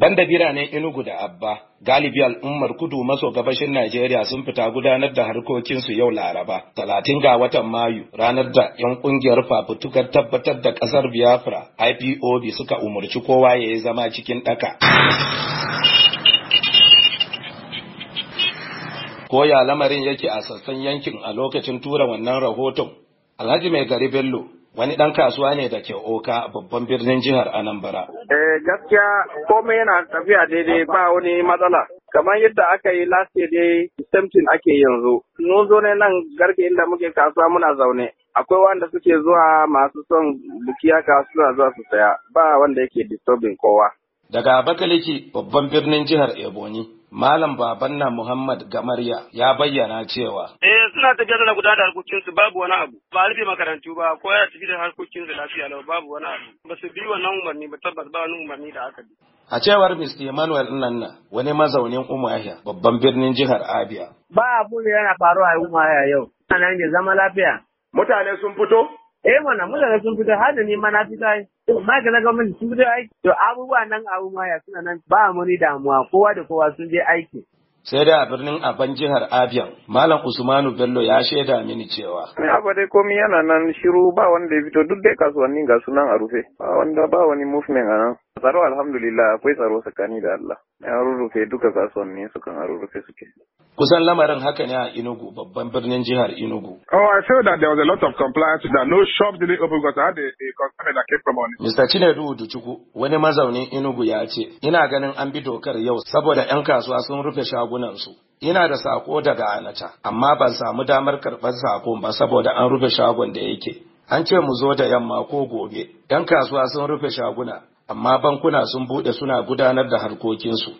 banda biranen Enugu da Abba, galibi al'ummar kudu maso gabashin Najeriya sun fita gudanar da harkokinsu yau Laraba, talatin ga watan Mayu, ranar da 'yan kungiyar fafutukar tabbatar da ƙasar Biafra IPOB suka umarci kowa ya yi zama cikin ɗaka. Koya lamarin yake a sassan yankin a lokacin tura wannan rahoton, Alhaji Mai Gari Bello wani ɗan kasuwa ne da ke Oka babban birnin jihar Anambra. Eh gaskiya komai yana tafiya daidai ba wani matsala. Kamar yadda aka yi last year dai something ake yanzu. Mun zo ne nan garke inda muke kasuwa muna zaune. Akwai wanda suke zuwa masu son bukiya kasuwa zuwa su saya ba wanda yake disturbing kowa. Daga Abakaliki babban birnin jihar Ebonyi, Malam Babanna Muhammad Gamarya ya bayyana cewa. Eh suna tafiya tana gudanar da harkokinsu babu wani abu ba rufe makarantu ba ko ya tafi da harkokinsu lafiya lau babu wani abu ba su bi wannan umarni ba tabbas ba wani umarni da aka bi. A cewar Mr. Emmanuel Nanna wani mazaunin Umuahia babban birnin jihar Abia. Ba abu da yana faruwa a Umuahia yau. Ana ne zama lafiya. Mutane sun fito? Eh mana mutane sun fito har da ni ma na fita ai. Maganin gwamnati sun fito aiki. To abubuwa nan a Umuahia suna nan ba mu ni damuwa kowa da kowa sun je aiki. sai da a birnin aban jihar abiyan malam usmanu bello ya shaida mini cewa haka dai komi yana nan shiru ba wanda ya fito duk dai kasuwanni ga sunan a rufe ba wanda ba wani movement a nan tsaro alhamdulillah akwai tsaro tsakani da allah ya rurrufe duka kasuwanni sukan a rurrufe suke kusan lamarin haka ne a inugu babban birnin jihar inugu? Oh, I feel that there was a lot of compliance that no shop didn't open because I had a, a concern that came from on Mr. Chinedu Uduchukwu wani mazaunin inugu ya ce, "Ina ganin an bi dokar yau saboda 'yan kasuwa sun rufe shagunansu." Ina da sako daga Anata, amma ban samu damar karɓar sako ba saboda an rufe shagon da yake. An ce mu zo da yamma ko gobe. 'Yan kasuwa sun rufe shaguna, amma bankuna sun buɗe suna gudanar da harkokinsu.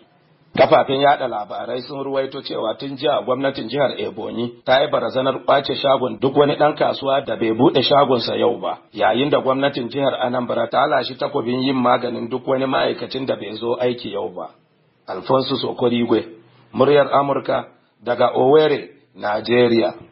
Kafafen yada labarai sun ruwaito cewa tun jiya gwamnatin jihar Ebonyi ta yi barazanar kwace shagon duk wani ɗan kasuwa da bai buɗe shagonsa yau ba, yayin da gwamnatin jihar Anambra ta lashi takobin yin maganin duk wani ma'aikacin da bai zo aiki yau ba. Alfonso Sokorigwe, muryar Amurka daga Owerri, Najeriya.